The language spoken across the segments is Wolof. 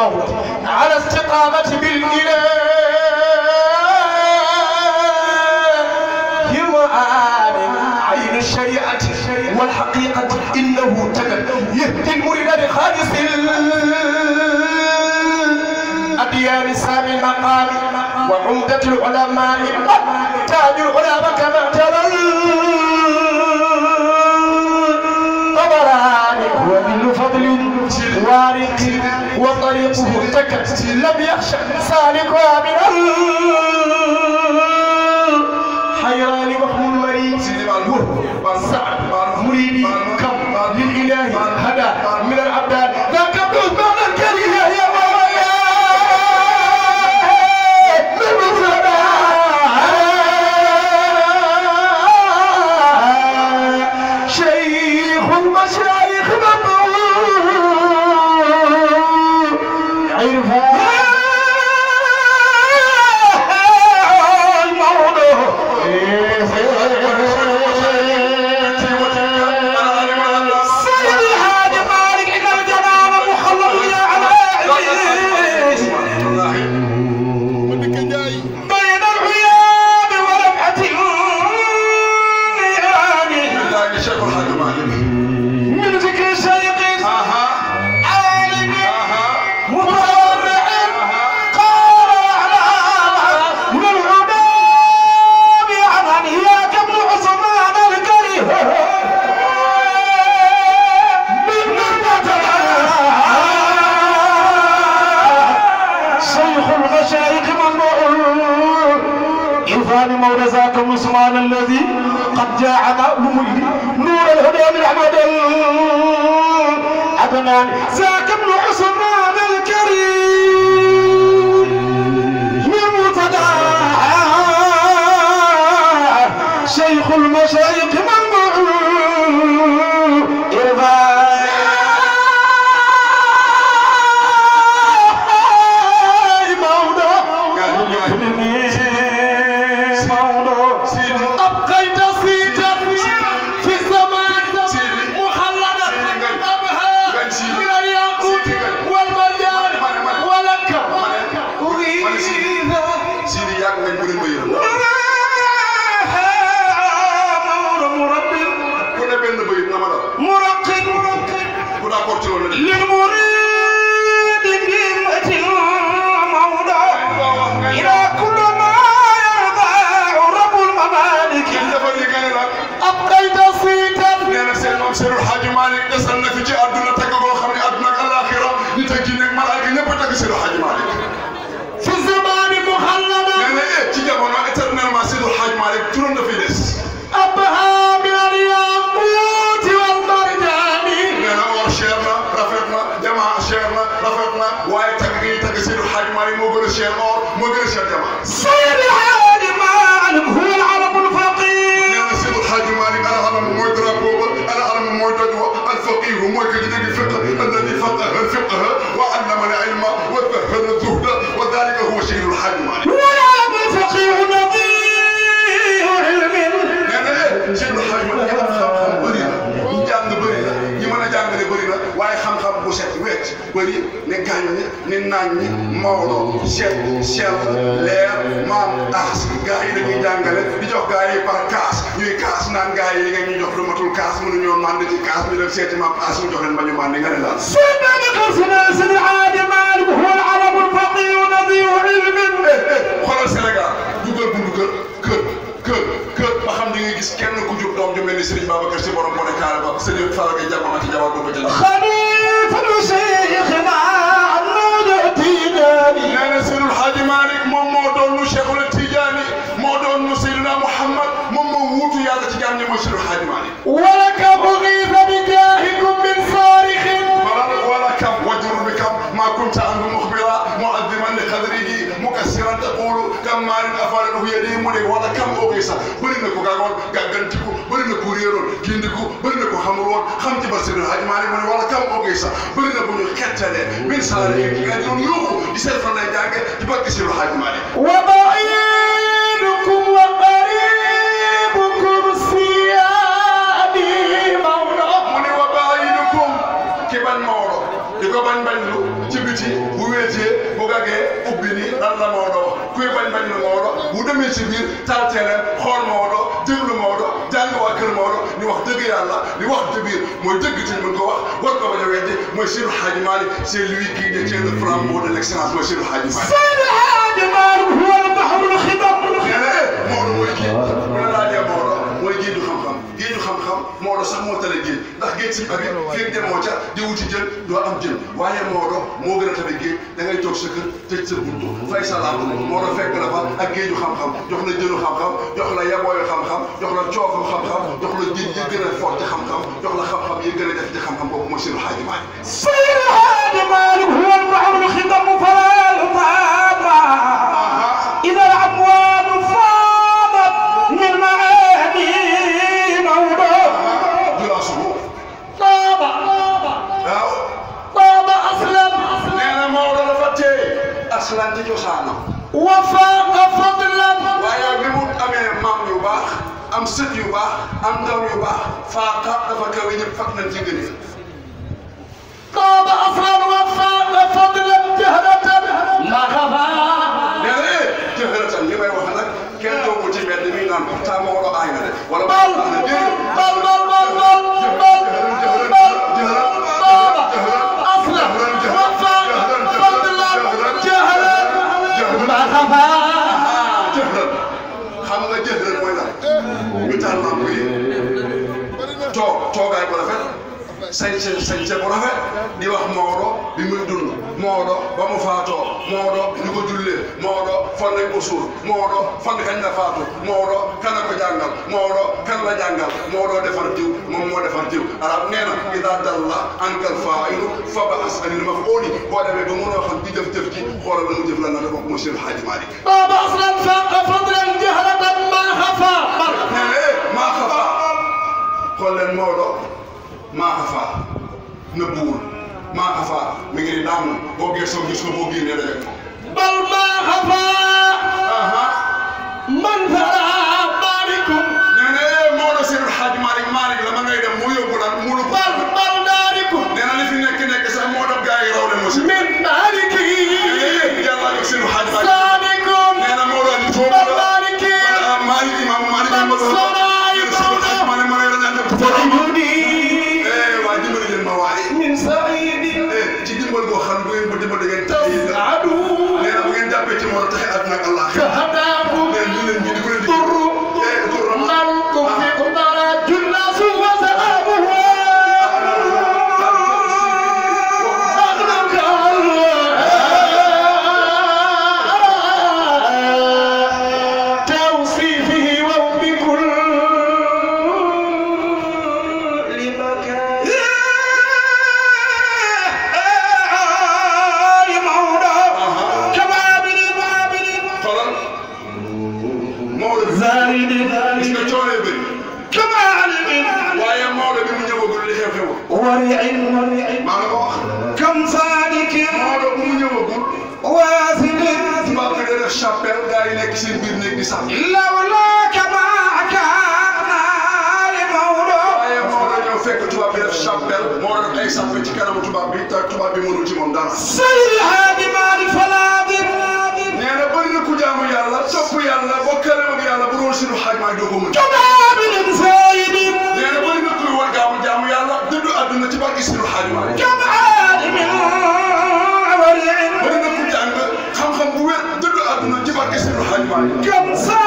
الموت على استقامة بالإله وآل عين الشريعة والحقيقة إنه تدل يهدي المريد بخالص الأديان سامي المقام وعمدة العلماء تاج العلماء كما ترى طبراني ومن فضل وارق وطريقه التكتي لم يخشى سالكها من الحيران naññi Maodo Cheikh Cheikh leer maam taas gaa yi dañuy jàngale di jox gaa yi par kaas ñuy kaas naan gaa yi li nga ñuy jox lu matul kaas mënuñoo mànd ci kaas ñu dem seeti maam taas mu jox leen ba ñu màndi nga ne la xoolal Sénégal dugal bundu kër kër kër kër ba xam ne nga gis kenn ku jur doom ju mel ni Serigne Babacar Sy borom bone kaare ba Serigne Fallou Gueye jàpp ma ci jabar ko ba ci la diinaani nee na Seydul Xaaji Maalik moom moo doon nu Cheikhul Tijaani moo doon nu Seydina Muhammad moom moo wuutu yàlla ci gàmm ñi mooy Seydul Xaaji Maalik wala kam uxiisa bi jaahikum min saarixin wala kam wajur bi kam maa kunta maalin afaale ko yéene mu ne wala kam oo koy sax bëri na ko gàggoon gàggantiku bëri na ko réeroon gindiku bëri na ko xamul woon xam ci Basiru Haj Maalik mu ne wala kam oo koy sax bëri na bu ñu xettalee min saala yi nga doon yuuxu di seen fan lay jànge ci Basiru kuy bañ bañ la Maodo bu demee ci biir taal teeleen xool Maodo déglu Maodo jàng waa kër Maodo ñu wax dëgg yàlla li wax ci biir mooy dëgg ci mën ko wax war ko bañ a weddi mooy Seydi Hadji Malick c'est lui qui détient le flambeau de l'excellence mooy Seydi Hadji Malick si bëgg fekk demoo ca di wuti jën doo am jën waaye moo dox gën a tamit géej da ngay toog sa kër tëj sa buntu fay sa làmp moo dox fekk la fa ak xam-xam jox la jënu xam-xam la yabooyu xam-xam jox la coofu xam-xam jox gën a fort ci xam-xam jox la xam-xam yi gën a def xam-xam boobu mooy seen xaaji maaj سيد ci cosaanam. wa faaqa fadlan. waaye bi mu amee maam yu baax am sët yu baax am ndaw yu baax faaqa dafa kawe ñëpp fàq nañ ci gën طاب أفران فضلا جهرة مرحبا جهرة لما يوحنا كان توقتي بأدمي نعم تامو ولا آينا ولا بل بل بل sañse sañse bu rafet di wax Maodo bi muy dund Maodo ba mu faatoo Maodo ñu ko jullee Maodo fan lañ ko suul Maodo fan kañ la faatu Maodo kan la ko jàngal Maodo kan la jàngal Maodo defar jiw moom moo defar jiw arab nee na idaa dalla ankal faa'ilu fa ba'as anil maf'uuli boo demee ba mën a wax di jëf jëf ji xoolal la mu jëf la na dafa ko monsieur El Hadj Malick eh, xool leen Maodo maa ko faal nëbbuwul maa ko faal mi ngi ne daanu boo geesoo gis ko boo génnee dajeeg moom. bal maa ko faal. man faraa baalikum. nee na eh Maodo Seydou Hadj Malick Malick la ma ngay dem mu yóbbu lan mu lu bal bal daalikum. nee na li fi nekk nekk sax moo dab gaa yi raw leen aussi. min baalikum. Eh, yàlla ak Seydou Hadj Malick. Maodo bi. zaari de zaari gis nga coono yu bëri. kamaale bi. waaye Maodo bi mu ñëwagul li xew xew. wari ay wari ay. maa la ko wax. kam mu ñëwagul. waa tubaab bi def chapelle gaa yi nekk seen biir bi def chapelle. Maodo kanamu tubaab bi te tubaab bi mënul ci moom dara. Seydi Haaji Maalik nee na bëri na ku jaamu yàlla topp yàlla bokkale ak yàlla bu doon sunu xaaj maa ngi doog a mën. nee na bëri na kuy war gaamu jaamu yàlla dëddu àdduna ci barki sunu xaaj maa ngi. bëri na ku jàng xam-xam bu wér dëddu àdduna ci barki sunu xaaj maa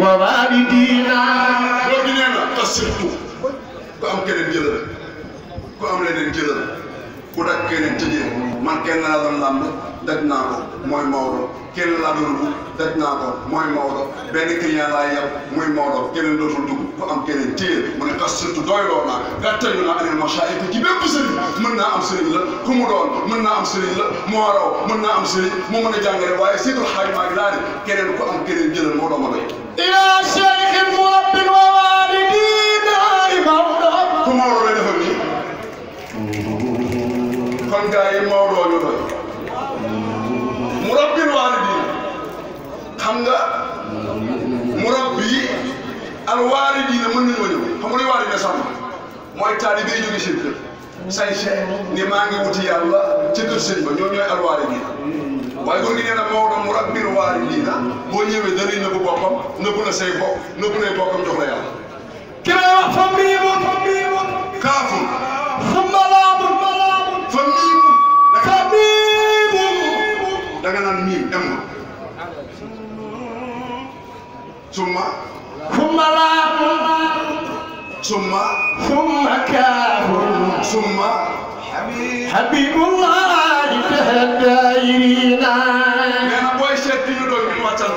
wa waalidina loolu di nee na tas surtout ku am keneen jëlal ku am leneen jëlal ku dak keneen tëjee man kenn laa doon làmb daj naa ko mooy Maodo keneen laa doon wut daj mooy Maodo benn client laay yab muy Maodo keneen dootul dugg ku am keneen téye mu ne xas naa gàttañu naa anil machaayikh mën naa am sëriñ la ku mu doon mën naa am sëriñ la moo raw mën naa am sëriñ moo mën a jàngale waaye seetul xaaj maa ngi laa ne keneen ku am keneen jëlal moo doon ma doy. ilaa cheikhin murabbin wa waalidina Maodo. ku Maodo lay defal nii. mu rabbil waalidin xam nga mu rabbi al waalidin mën nañoo ñëw xam nga luy say seet ni maa ngi wuti yàlla ci kër sëñ ba ñoom al waalidin waaye góor gi nee na Maodo bopp miim dem nga summa summa laakum summa summa kaahum summa habibullah di tahdairina nee na booy seet ñu doy ñu ma sant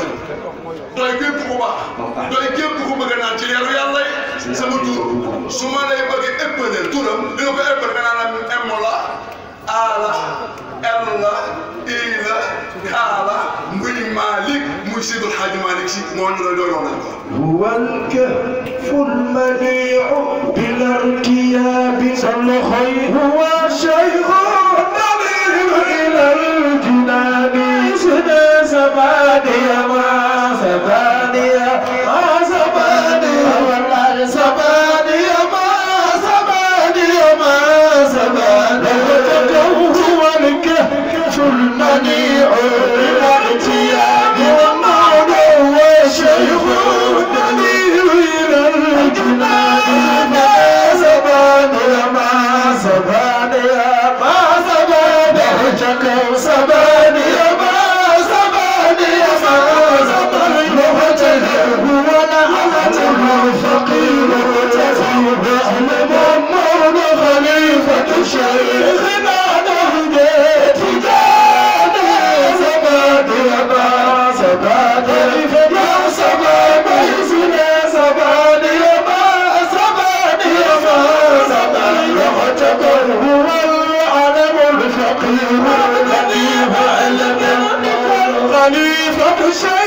doy képp ku baax doy képp ku bëgg naan ci leeru yàlla yi sama tur su ma lay bëgg ëppale turam dina ko ëppale nga naan am la ala el la kaala muy Malick muy Seydou El Hadj Malick si moo ñu la doyoon nañ ko. wal kahful mani'u bil irtiyabi sa loxo yi huwa shay'un nadir ila al jinani sina sabadiya ma sabadiya ma sabadiya wal sabadiya ma sabadiya ma sabadiya وديع بارتياب ومعنى وشيخ الدنيا Krishna.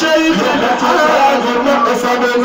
شيء على المقصد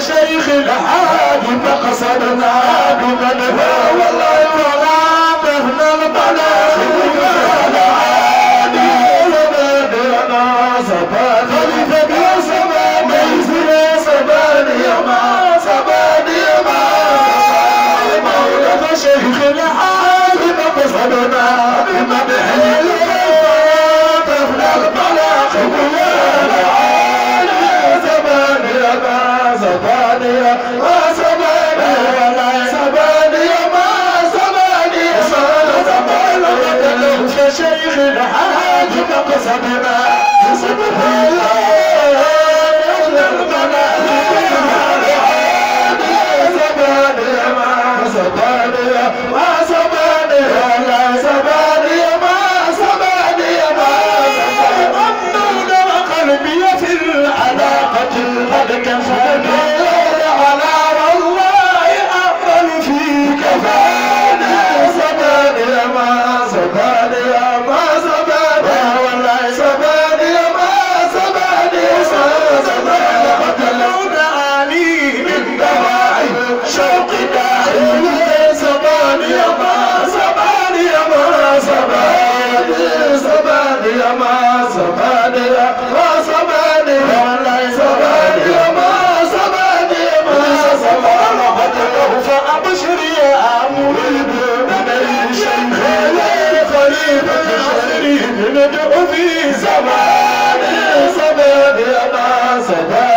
شيخ الهادي مقصدنا بمنها والله ولا مهنا البلا خذ على عادي ونادنا صفاتنا Wow. في زمان زمان أنا زمان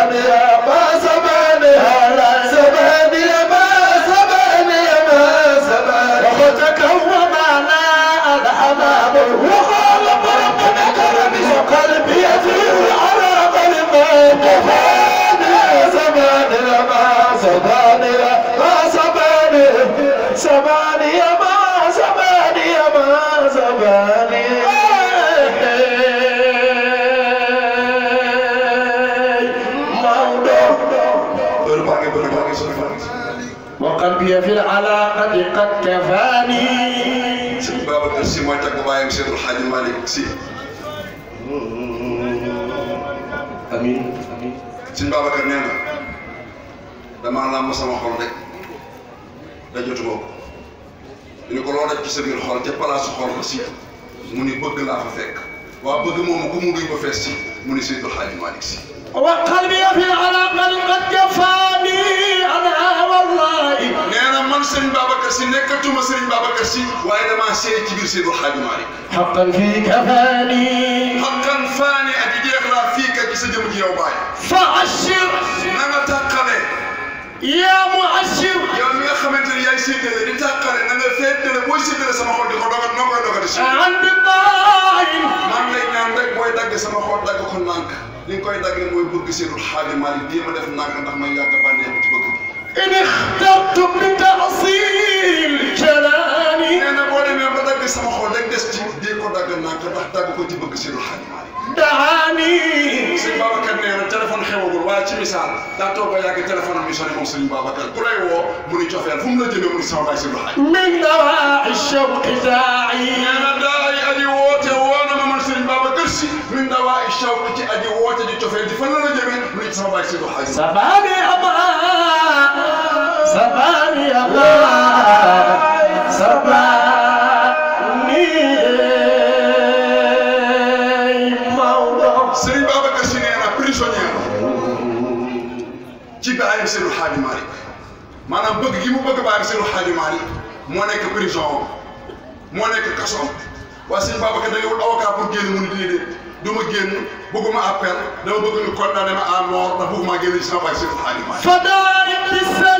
قد كفاني سيد بابا الدرسي ما تقوم معي سيد الحاج مالك سي امين امين سيد بابا كر نينا دما لام سما خول رك دا جوتو ñu ko loo def ci sa biir xol ca palaasu xol ba si mu ni bëgg laa fa fekk waa bëgg moomu ku mu duy ba fees si mu ni Seydou El Hadj Malick si وقلبي في العلاقة قد جفاني أنا والله man Serigne Babacar Sy nekkatuma Serigne Babacar Sy waaye damaa seey ci biir Seydi Hadji Malick. xaqan fii ka faani. xaqan faani aji jeex laa fii ka ci sa jëm ji yow baay. fa ashir. na nga tàqale. yaa mu ashir. yow mi nga xamante ne yaay séddale di tàqale na nga féetale booy séddale sama xol di ko dogal noo koy dogal si. an bi baay. man lay ñaan rek booy dagg sama xol dagg ko nànk li nga koy dagg mooy bëgg Seydi Hadji Malick jéem a def nànk ndax may yàgg bànnee إن اخترتم بتأصيل كلامي nee na boo demee ba dagg sama xol rek des ci di ko dagg naa ko ndax dagg ko ci bëgg si lu xaaj daani sëñ Babacar nee na téléphone xewagul waaye ci misaal daa toog a yàgg téléphone am bi sonné moom sëñ Babacar ku lay woo mu ni cofeel fu mu la jëmee mu ni sama baay si loxaay min dawaa'i shawqi daa'i nee na daay aji woote woo na ma man sëñ Babacar si min dawaa'i shawqi ci aji woote di cofeel di fan la la jëmee mu ni sama baay si loxaay sabaani abaa ci bàyyam Seydou Hadj Malick maanaam bëgg gi mu bëgg bàyyam Seydou Hadj Malick moo nekk prison moo nekk kasoom waa sëñ Babacar da ngay wut avocat pour génn mu ne de du ma génn bëgguma appel dama bëgg ñu condamné ma à mort ndax bëgguma génn ci sama bàyyi Seydou Hadj Malick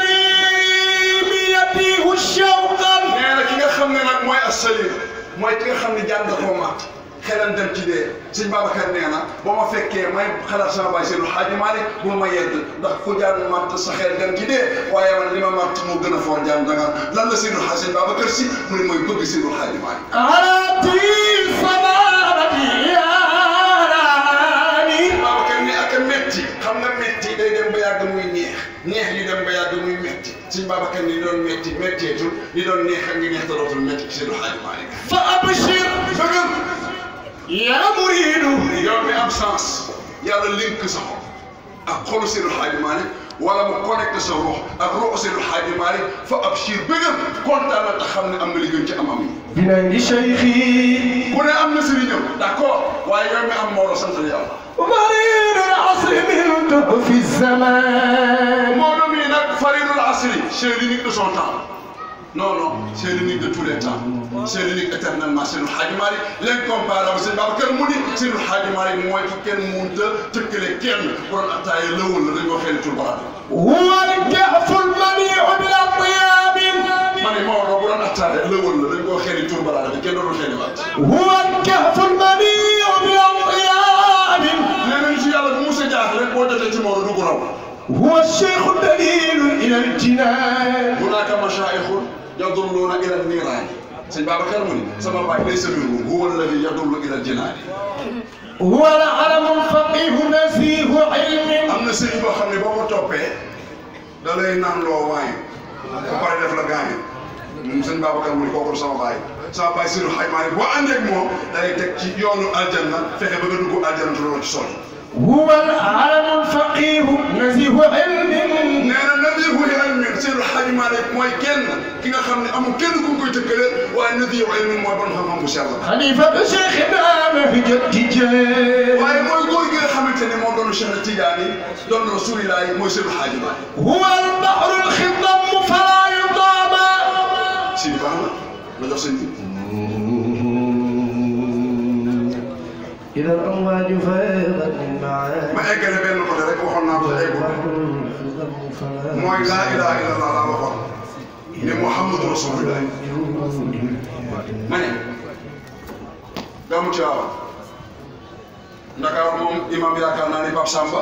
yuhibbu shawqan nee na ki nga xam ne nag mooy as-salim mooy ki nga xam ne jàng koo mat xelam dem ci dee sëñ Babacar nee na boo ma fekkee may xalaat sama baay Seydou Hadji Malick bu ma yedd ndax ku jàng màtt sa xel dem ci dee waaye man li ma màtt moo gën a foor jàng dangaan lan la Seydou Hadji sëñ Babacar si mu ne mooy bëgg Seydou Hadji Malick alatil fadaati yaaraani Babacar ni ak a metti xam nga metti day dem ba yàgg muy neex neex yi dem ba yàgg muy metti sëñ Babacar li doon métti métteetul li doon neex ak nga neex te dootul métti ci Seydou Hadj Malick. fa abshir bëggal. yaa muriidu. yow mi am sens. yàlla link sa xol ak xolu Seydou Hadj Malick wala mu connecté sa ruux ak ruuxu Seydou Hadj Malick fa abshir bëggal kontaan na te xam ne am na li gën ci am-am yi. dinañ di Cheikh ku ne am na sëriñam d'accord waaye yow mi am moo la sant yàlla. muriidu asri min fi zaman. farinul asri c'est l'unique de son temps non non c'est l'unique de tous les temps c'est l'unique éternellement Seydil Hadji Malick l'incomparable Sëñ Babacar mu ni Seydil Hadji Malick mooy ki kenn mënut a tëkkale kenn kon attaaya lëwal la dañ ko xëy tur barab ma ni Maodo bu doon attaaya lëwal la dañ ko xëy tur barab kenn doon xëy waat فينا هناك مشايخ يضلون الى النيران سيد بابكر مني سبب ليس منهم هو الذي يضل الى الجنان هو العلم الفقيه نزيه علم am na sëriñ boo xam ne boo ko toppee da lay naan loo waaye ba pare def la gaañe moom sëñ Babacar mu ne kooku sama baay sama baay sëriñ xaj maa ne boo àndee ak moom da lay teg ci yoonu aljanna fexe ba nga dugg aljanna loolu ci sori. huwa al alam al faqih nasihu ilmin nee na nasihu Xaaji Maalik mooy kenn ki nga xam ne amul kenn ku koy tëkkale waaye nit yow ay mooy bon xam-xam bu sell xalifatu Cheikh Ibrahima fi jot tijee waaye mooy góor gi nga xamante ne moom doonu Cheikh Tidiane doon Rasulilaay mooy Cheikh Xaaji Maalik huwa al-bahru al-xidam mu falaa yudaama si baax na la jox sëñ bi إذا الأمواج فيضت من معاني. ما أكل بين القدر وخلنا mooy laa ilaaha illallaah laa waxoon ne Muhammadu Rasulullaah. ma ne. gàmmu Tiwaawan. Ndakaaru moom imaam yaakaar naa ne Pape Samba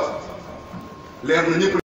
leer na ñëpp.